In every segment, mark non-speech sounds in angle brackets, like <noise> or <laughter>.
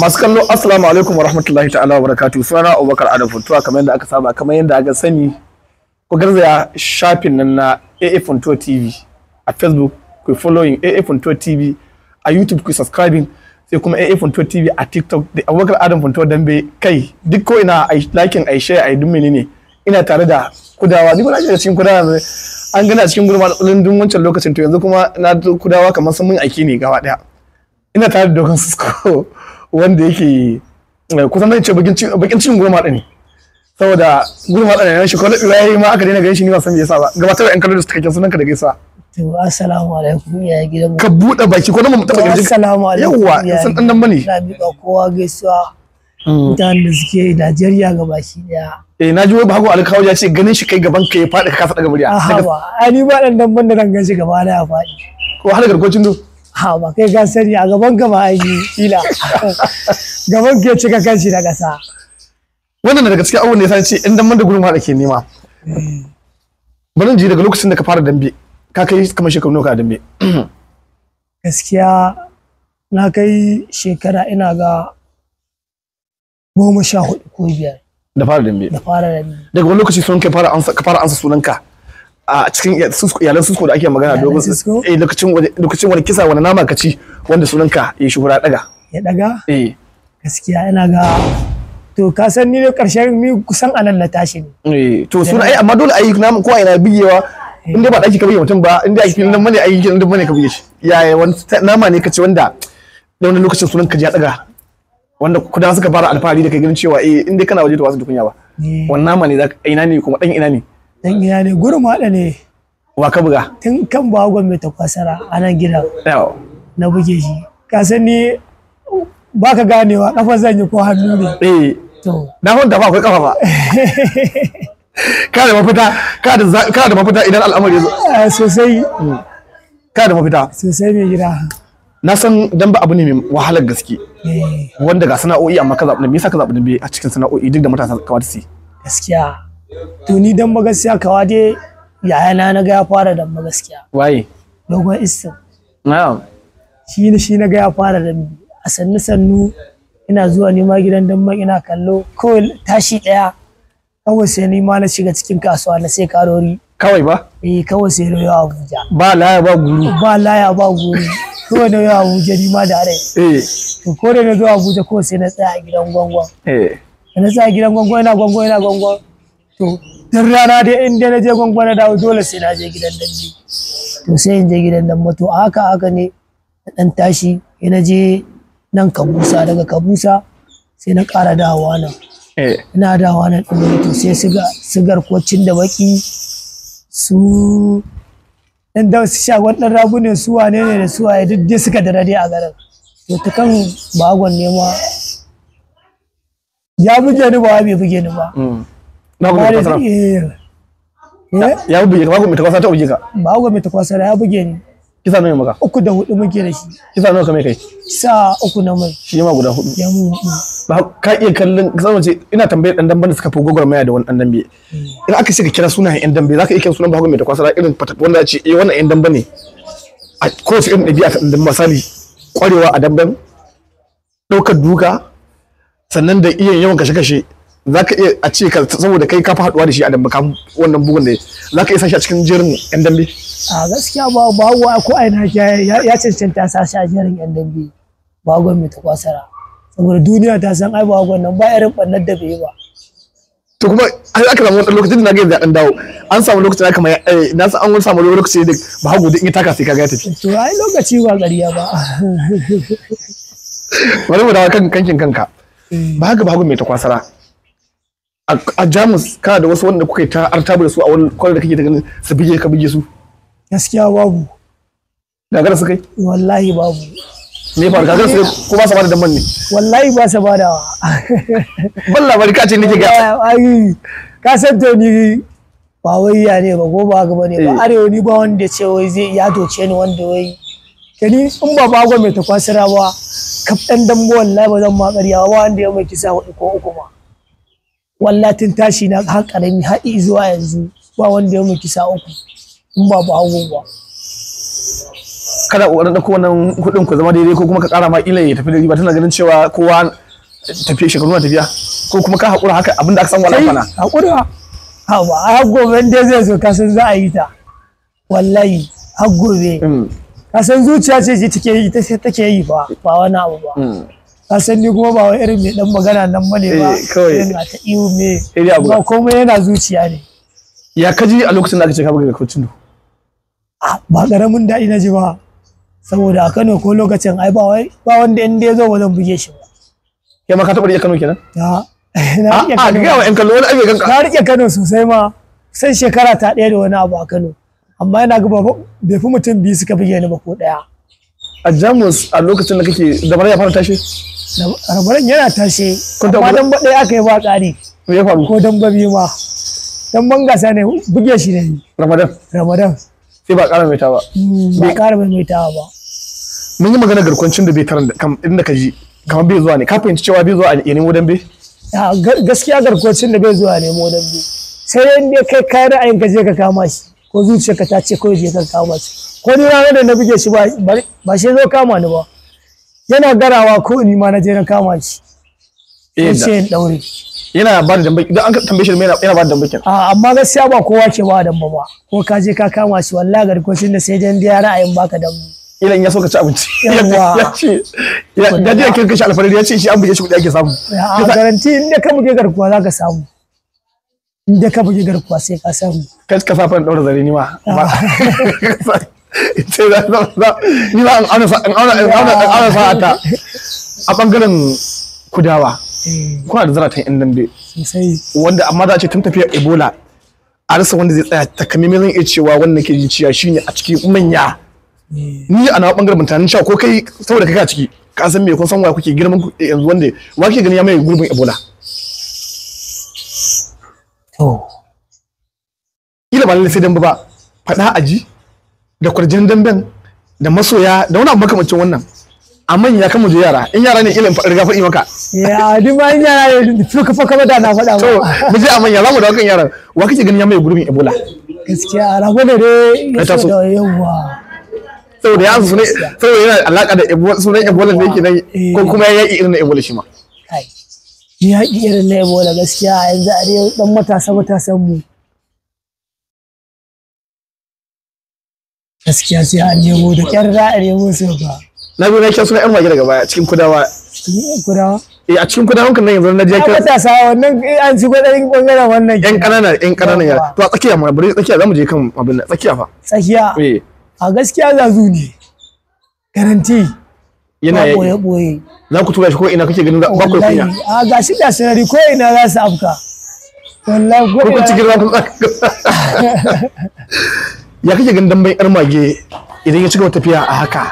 masu kallo assalamu alaikum warahmatullahi ta'ala wa barakatuh sunana abubakar adam funtowa kamar yadda aka saba kamar yadda aka sani ku garzaya shafin nan na aa funtuwa tv a facebook ku following aa funtuwa tv a youtube ku subscribing sai kuma aa funtuwa tv a tiktok da abubakar adam funtuwa dambe kai duk ko ina a likin a share a duk menene ina tare da kudawa duk wani da cikin kudawa an gana cikin gurma lundun wancan lokacin to yanzu kuma na kudawa kamar sun mun aiki ne gaba daya ina tare da dogon sisko wanda yake eh, kusan zai ce bakin cikin gurma ɗani saboda gurma ɗani ne shi kwallo ɓirayi ma aka daina ganin shi ni wasan bai yasa ba gabatar da yan kallon da suka kyan sunanka da gaisa to assalamu alaikum ya gidan mu ka buɗe baki ko mu taɓa ganin assalamu alaikum yawa san dan nan bane na miƙa kowa gaisuwa mm. mutanen da suke Najeriya ga baki ɗaya. eh na ji wai bago alkawo ya ce ganin shi kai gaban ka ya faɗi ka kasa daga murya a ba ai ni ba dan dan banda zan ganin shi gaba na ya faɗi ko har garkocin do ha ba kai ka sani a gaban ka ba an kila gaban ke cika kanci na gasa. wannan daga cikin abubuwan da ya sace in dan manda gurin ma da ke nema eh. bari ji daga lokacin da ka fara dambe ka kai kamar shekaru nawa ka dambe gaskiya na kai shekara ina ga goma sha hudu ko biyar da fara dambe da fara dambe daga wani lokaci sun kai fara ansa ka fara ansa sunanka a cikin iyalan susko da ake magana dogon eh lokacin lokacin wani kisa wani nama kaci wanda sunanka ya shuhura daga ya daga eh gaskiya ina ga to ka san ni ne karshen mi kusan anan na tashi ne eh to suna ai eh, amma dole ai namu ko ina bigewa eh. in dai ba daki ka bige mutum ba in dai filin nan mane ai kin nan bane ka bige shi yaya wani nama ne kaci wanda da wani lokacin sunan ka ji ya daga wanda kudan suka fara alfahari da kai ganin cewa eh in dai kana waje to wasu dukunya ba eh. wannan nama ne ina ne kuma dan ina ne Dan gida ne gurmaɗa ne. Wa ka buga? Tun kan ba gwamnati ta kwasara a nan gidan. Na buge shi. Ka san ni ba ka ganewa kafa zan yi ko hannu ne. Eh. To. Na da ba akwai kafa ba. Kada mafita, kada mafita idan al'amari ya zo. Ah, sosai. Hmm. Kada mafita. Sosai mai gida. na san dan ba abu ne mai wahalar gaske eh. wanda ga sana'o'i amma ka zaɓi me yasa ka zaɓi dambe a cikin sana'o'i duk da matasa kawai su gaskiya to ni dan magaskiya kawa dai yayana na naga ya fara dan magaskiya waye dogon istin na'am shi ne shi naga ya fara dan a sannu sannu ina zuwa nema gidan dan ina kallo kawai tashi daya kawai sai ni ma na shiga cikin kasuwa na sai karori kawai ba eh kawai sai na yawa Abuja ba laya ba guru ba laya ba guru kawai na yawa Abuja ni ma da rai eh to ko da na zo Abuja ko sai na tsaya a gidan gwangwan eh na tsaya a gidan gwangwan ina gwangwan ina gwangwan to duk rana dai in dai na je gwangwana dawo dole sai na je gidan dambe to sai in je gidan dambe to haka haka ne na dan tashi sai na je nan kabusa daga kabusa sai na ƙara dawowa nan eh. ina dawowa nan ɗin to sai sigar cin da baki su ɗan da su shagon ɗan ragu ne su wane ne da su waye duk dai suka dare dai a garin to ta kan bagon ma ya buge ni ba bai buge ni ba mm. ya buge ka bago mai takwasa ta buge ka bago mai takwasa ya buge ni kisa nawa maka uku da hudu muke da shi kisa nawa ka kai kisa uku na mai shi ma guda hudu ya mu ba ka iya kallon kisa wace ina tambayar dan dambe da suka fi gwagwarmaya da wani dan dambe hmm. in aka ce ka kira sunayen yan dambe zaka iya kiran sunan bago mai takwasa irin wanda ya ce eh wannan yan dambe ne a kowace irin ɗabi'a ta dambe misali kwarewa a damben ɗaukar duka sannan da iya yawan kashe-kashe za ka iya a ce ka saboda kai ka fi haɗuwa da shi a damba ka wannan bugun da za ka iya sashi a cikin jerin yan dambe. a gaskiya ba ba wa ko aina ya cancanta sa shi a jerin yan dambe ba gwan mai ta kwasara saboda duniya ta san ai ba gwan nan ba irin bannar da bai yi ba. to kuma har aka samu wani lokacin da na gaida dan dawo an samu lokacin aka mai eh, na san an samu lokacin da ba hagu da in taka sai kaga ya tafi to ai lokaci ba gariya ba bari mu dawo kan kankin kanka eh. ba haka ba hagu mai takwasara a jamus ka da wasu wanda kuka ta artabu da su a wani kwallo da kake ganin su bige ka bige su gaskiya babu gagara su kai wallahi babu me faru gagara su kai ko ba sa bada damban ne wallahi ba sa badawa balla labari ka ce nake ga ai ka san to ni ba wai ya ne ba ko ba ga ne ba eh. arewa ni ba wanda ce wai zai ya doce ni wanda wai kani in ba ba gwamnati kwasara ba kaf dambo wallahi ba zan ma ƙarya ba wanda ya mai kisa ko uku ba. wallatin tashi na har karami har zuwa yanzu ba wanda ya muki sa uku in ba ba hagu ba kada kokarin dauko wannan kudin ku zama daidai ko kuma ka kara ma ila ya tafi da riba tana ganin cewa kowa tafiya shekaru na tafiya ko kuma ka hakura haka abinda aka san wala fana hakura ha ba har gobe dai zai zo ka san za a yi ta wallahi har gobe mm. ka san zuciya ce take yi take yi ba ba wani abu ba mm. ka san ni kuma ba irin mai dan magana nan bane ba eh, kawai na ta iyo me ba komai yana zuciya ne ya kaji a lokacin da aka ce ka buga kocin ah, ba karamin daɗi naji ba saboda a Kano ko lokacin ai ba wai ba wanda in dai zo ba zan buge shi ba Ya ma ka taɓa rike Kano kenan a <laughs> na rike ah, ah, Kano ga wa'en kallo wani abin kanka na rike Kano sosai ma sai shekara ta ɗaya da wani abu a Kano amma yana ga babu bai fi mutum biyu suka buge ni ba ko ɗaya a Jamus a lokacin da kake da ya fara tashi rabaran yana tashe amma dan baɗe aka yi ba ƙari ko dan ba biyu ma dan ban ne buge shi ne ramadan ramadan sai ba ƙara mai ba hmm, ba ƙara mai ta ba mun yi magana garkwancin da bai taran kam inda ka ji kamar bai zuwa ne ka fahimci cewa bai zuwa ya nemo dambe gaskiya garkwancin da bai zuwa ne mu dambe sai dai ne kai kayan ra'ayin ka je ka kama shi ko zuciyarka ta ce ko je ka kama shi ko ni ranar da na buge shi ba shi zo kama ni ba yana garawa ko ni ma na je na kama shi eh, sai in daure yana ba da dambaki don an tambaye shi yana ba da dambaki a amma gaskiya ba kowa ke ba da ba ko ka je ka kama shi wallahi garkocin da sai dan da ra'ayin baka damba ilan ya so ka ci abinci <laughs> ya ce ya dai kin kashi alfarin ya ce shi an buge shi kudi ake samu a garanti in da ka buge garkuwa za ka samu in da ka buge garkuwa sai ka samu kai ka safan daura zare ni ma <laughs> ni hmm. a bangaren kudawa kuna da zaratan yan dambe wanda amma za a ce tun tafiyar ebola a rasa wanda zai tsaya ta takamimin zan iya cewa wannan ke jiciya shine oh. a cikin manya ni a nawa bangaren mutanen Sha ko kai saboda kai a ciki ka san me kun san wa kuke girman yanzu wanda wa ke ganin ya mai gurbin ebola to kila ba lalle sai dan ba faɗa aji da kwarjin damben da masoya da wani abu makamacin wannan amma ya kama je yara in yara ne ilin riga faɗi maka ya duk in yara ne su ka kama da na faɗa to mu je amma ya mu da kan yara. wa kake ganin ya mai gurbin ebola gaskiya rago ne dai ya taso yawa saboda ya su ne saboda yana alaka da ebola sunan ebola ne yake nan eh. ko kuma ya yi irin na ebola shi ma ya yi irin na ebola gaskiya yanzu a dai dan matasa matasan mu gaskiya sai an nemo da kyar za a nemo su ba na bi na kyau suna yan mage daga baya cikin kudawa kudawa eh a cikin kudawan kan nan yanzu na jiya ka ta a wannan an ci gwadarin bangaren wannan yan kanana yan kanana ya to a tsakiya ma bari tsakiya zamu je kan abin nan tsakiya fa tsakiya eh a gaskiya za zu ne garanti yana yi boye boye za ku tura shi ko ina kake ganin ba ku kunya a shi da sanari ko ina za su afka wallahi ko ku cikin rakun ya kake gandan damben yar mage idan ya cigaba tafiya a haka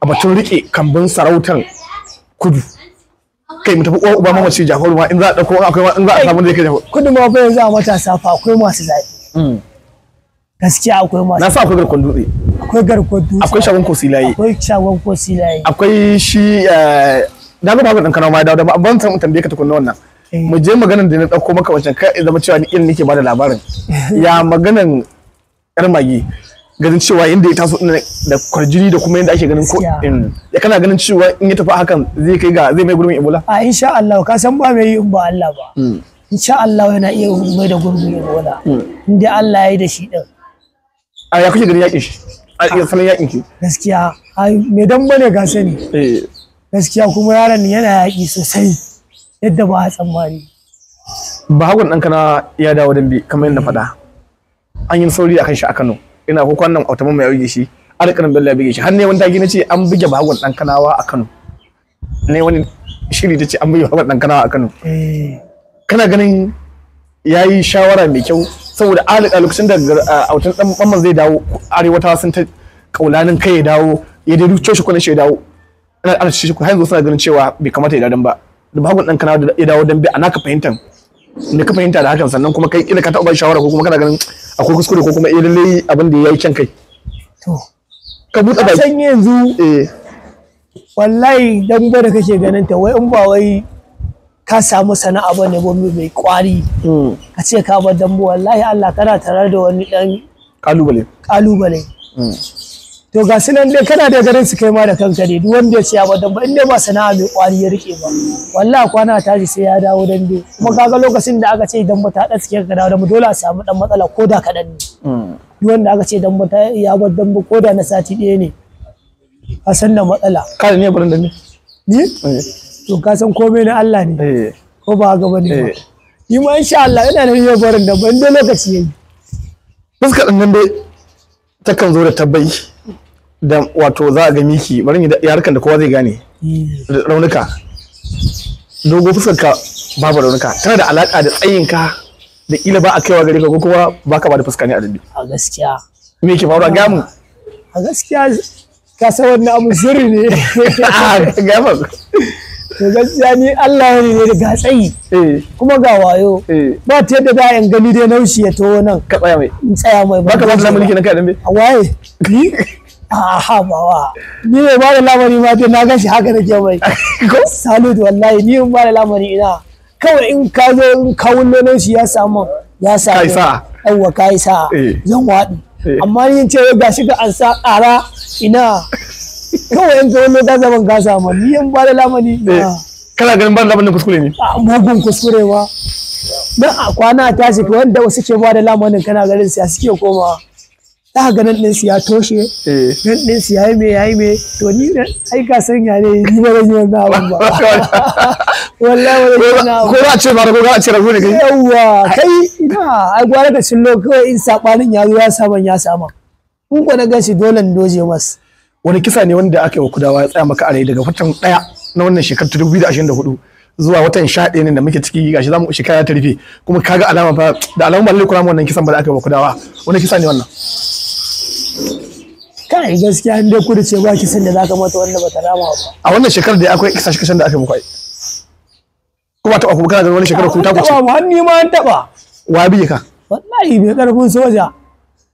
a batun rike kambun sarautan kudu kai mu tafi uwa uba mama ce jafaru ma in za a dauko akwai ma in za a samu zai kai jafaru kudu ma bai za a mata safa akwai masu zaɓi hmm. gaskiya akwai masu na sa akwai garkon dutse akwai garkon dutse akwai shagon kosilaye akwai shagon kosilaye akwai shi eh, na ga babu dan kana ma dawo da ban san tambaye ka tukunna wannan eh. mu je maganar da na dauko maka wancan kai zama cewa ni irin nake bada labarin <laughs> ya maganan yar mage ganin cewa inda ya taso da kwarjini da kuma yadda ake ganin ko ya kana ganin cewa in ya tafi hakan zai kai ga zai mai gurbin ebola a insha Allah ka san ba mai yin ba Allah ba hmm. insha Allah yana iya mai da gurbin ebola hmm. in dai Allah ya yi da shi din a ya kuke ganin yakin shi a iya salon yakin shi gaskiya ai me dan bane ga sani eh. gaskiya kuma yaron yana yaki sosai yadda ba a tsammani ba hagun ɗanka na ya dawo dambe kamar yadda faɗa an yi sauri akan shi a Kano ina ko kwannan Ottoman mai bige shi alƙarin bella ya bige shi har ne wani tagi ce an buge bagon dan Kanawa a Kano ne wani shiri ce an buge bagon dan Kanawa a Kano eh. kana ganin yayi shawara mai kyau saboda alƙa lokacin da autan dan bamman zai dawo ta sun ta kaulanin kai ya dawo ya dai duce shi kunan shi ya dawo ana ana shi har yanzu suna ganin cewa bai kamata ya dawo ba da bagon dan Kanawa ya dawo dan bai ana ka fahimta ne ka fahimta da hakan sannan kuma kai kila ka taɓa shawara ko kuma kana ganin akwai kuskure ko kuma eh lallai abin da yayi kyan kai to ka buɗe baki san yanzu eh wallahi dan da kake ganin ta wai in ba wai ka samu sana'a bane bombe mai kwari hmm. ka ce ka ba dambo wallahi Allah kana tarar da wani dan kalubale kalubale hmm. to ga sunan dai kana da garin su kai ma da kanka ne duk wanda ya ce ba dan ba in ba sana'a mai kwari ya rike ba wallahi kwana ji sai ya dawo dan dai kuma kaga lokacin da aka ce dan ba ta hada suke ka dawo dan dole a samu dan matsala ko da kadan ne hmm. duk wanda aka ce dan ba ta ya bar dan ba ko da na sati ɗaya ne a san da matsala ka ne barin dan ne ni eh. to ka san komai na Allah ne eh. ko ba ga bane ba eh. ni ma insha Allah ina da yau barin da ban da lokaci yayi fuskar nan dai takan zo da tabbai da wato za a ga miki bari ni yarukan da kowa zai gane hmm. da raunuka dogo fuskarka babu raunuka tana da alaka da tsayinka da kila ba a kaiwa gare ka ko kuma baka ba da fuska ne a dindi a gaskiya me yake faruwa gamu a gaskiya ka san wannan abu sirri ne a <laughs> ah, gamu to gaskiya ni Allah ne ne ga tsayi eh. kuma ga wayo eh. ba ta yadda da yan gani dai naushi ya to nan ka tsaya mai in tsaya mai ba ka ba mulki na kai dambe waye <laughs> Aha bawa. Ni ne ba da lamari ma dai na gashi haka nake mai. <laughs> Salud wallahi ni in ba da lamari ina. Kawai in ka zo in kawun nonon shi ya samu ya samu. Kai sa. Yawwa kai sa. Eh. Zan waɗi. Eh. Amma ni ce shi ka an sa ƙara ina. Kawai in kawun nonon ka samu ga samu ni in ba da lamari. Eh. Kana ganin ba da lamarin kuskure ne? Ah, mugun kuskure ba. Dan a kwana tashi wanda suke ba da lamarin kana garin siya suke komawa. da ga nan ɗinsu ya toshe eh. nan ɗinsu ya yi me ya yi me to ni ai ka san ya ne ni ba zan yi wannan abun ba <laughs> wallahi wani yana ko za a ce ba ko za a ce rabu ne kai yawa kai ina ai gwara ka cillo kawai in saɓanin ya zo ya sama ya sama in ko na gashi dole in doje mas wani kisa ne wanda aka yi wa kudawa ya tsaya maka a rai daga watan ɗaya na wannan shekarar 2024 zuwa watan sha ɗaya ne da muke ciki gashi zamu shekara ta rufe kuma kaga alama fa da alama ba lalle kura wannan kisan ba da aka yi wa kudawa wani kisa ne wannan kai gaskiya inda ku kudu ce ba kisan da zaka mata wanda ba ta rama ba a wannan shekarar da akwai kisa kasashen da aka muku ai kuma ta kuma kana da wani shekarar ku ta kuce ba har ni ma an taba wa bi ka wallahi bai karfin soja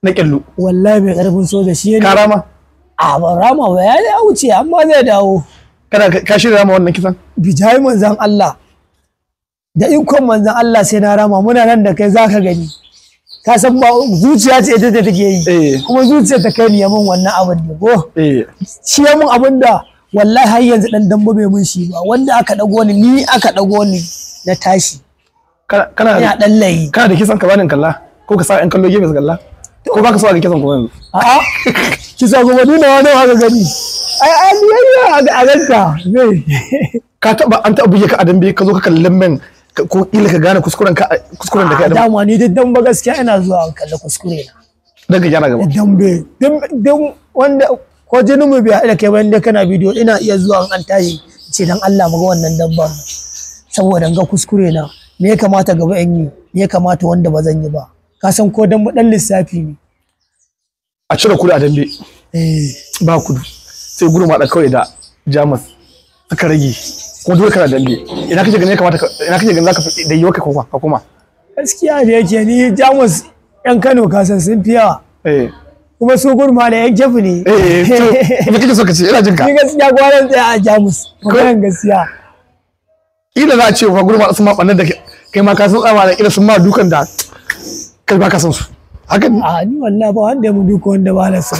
na kyallu wallahi bai karfin soja shi ne karama a ba rama ba ya da wuce amma zai dawo kana ka shirya rama wannan kisan bijai manzan Allah da ikon manzan Allah sai na rama muna nan da kai zaka gani ka san ba zuciya ce ita da take yi eh. kuma zuciya ta kai niyamin wannan abin ne ko eh. shi ya mun abin da wallahi har yanzu dan dambo bai mun shi ba wanda aka dago ni ni aka dago ni na tashi kana kana dan layi kana da kisan ka banin kalla ko ka sa yan kallo gefe kalla ko ba ka so ga kisan ko yanzu a'a kisa gobe nuna wani haka gani ai aliyayya a ganka ka taba an taba buge ka adan dambe ka zo ka kalli men ko kila ka gane kuskuren ka kuskuren da kai da dama ni da dan ba gaskiya ina zuwa kalla kuskure na dan ka gyara gaba dan be dan wanda ko jinin mu biya da kai bayan kana bidiyo ina iya zuwa an tashi ce dan Allah mu ga wannan dan ba saboda ga kuskure na me ya kamata gaba in yi me ya kamata wanda ba zan yi ba ka san ko dan mu dan lissafi ne a cire kudu a dambe eh ba kudu sai gurma da kawai da jamus suka rage kuma dole kana dambe ina kake ganin kamata ina kace ganin zaka da yiwa ko koma ka koma gaskiya da yake ni Jamus yan Kano kasan sun fi yawa eh kuma su gurma da yan Jefu ne eh, eh to me so ka ina jin ka ni gaskiya gwaran tsaya a Jamus gwaran gaskiya ila za a ce fa gurma sun ma bannan da kai ma ka san tsama da ila sun ma dukan da kai ba ka san su hakan a ni wallahi ba wanda mu duka wanda ba na san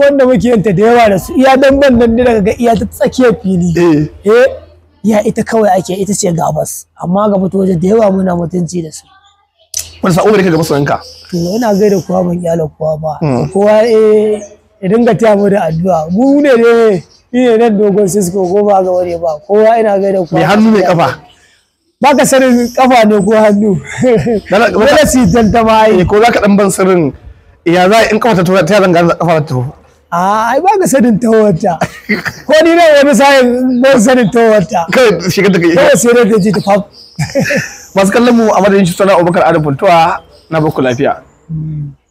wanda muke yanta da yawa da su iya dan ban nan daga ga iya ta tsakiyar fili eh, eh. ya ita kawai ake ita ce gabas amma ga fito waje da yawa muna mutunci da su wani sa'o ka ga ka to ina gaida kowa ban yalo kowa ba hmm. kowa eh ya dinga taya mu da addu'a mu ne ne ni ne nan dogon sisko ko ba ga wani ba kowa ina gaida kowa mai hannu mai kafa ba ka sanin kafa ne ko hannu dole si tantama ai eh, ko za ka dan ban sirrin ya za in kafa ta ta zanga kafa ta ai ba ka sanin tawarta ko ni ne wani sa'in ba sanin tawarta kai shiga da kai sai da ji ta fam masu kallon mu a madadin shi sana Abubakar Adam Funtuwa na baku lafiya hmm.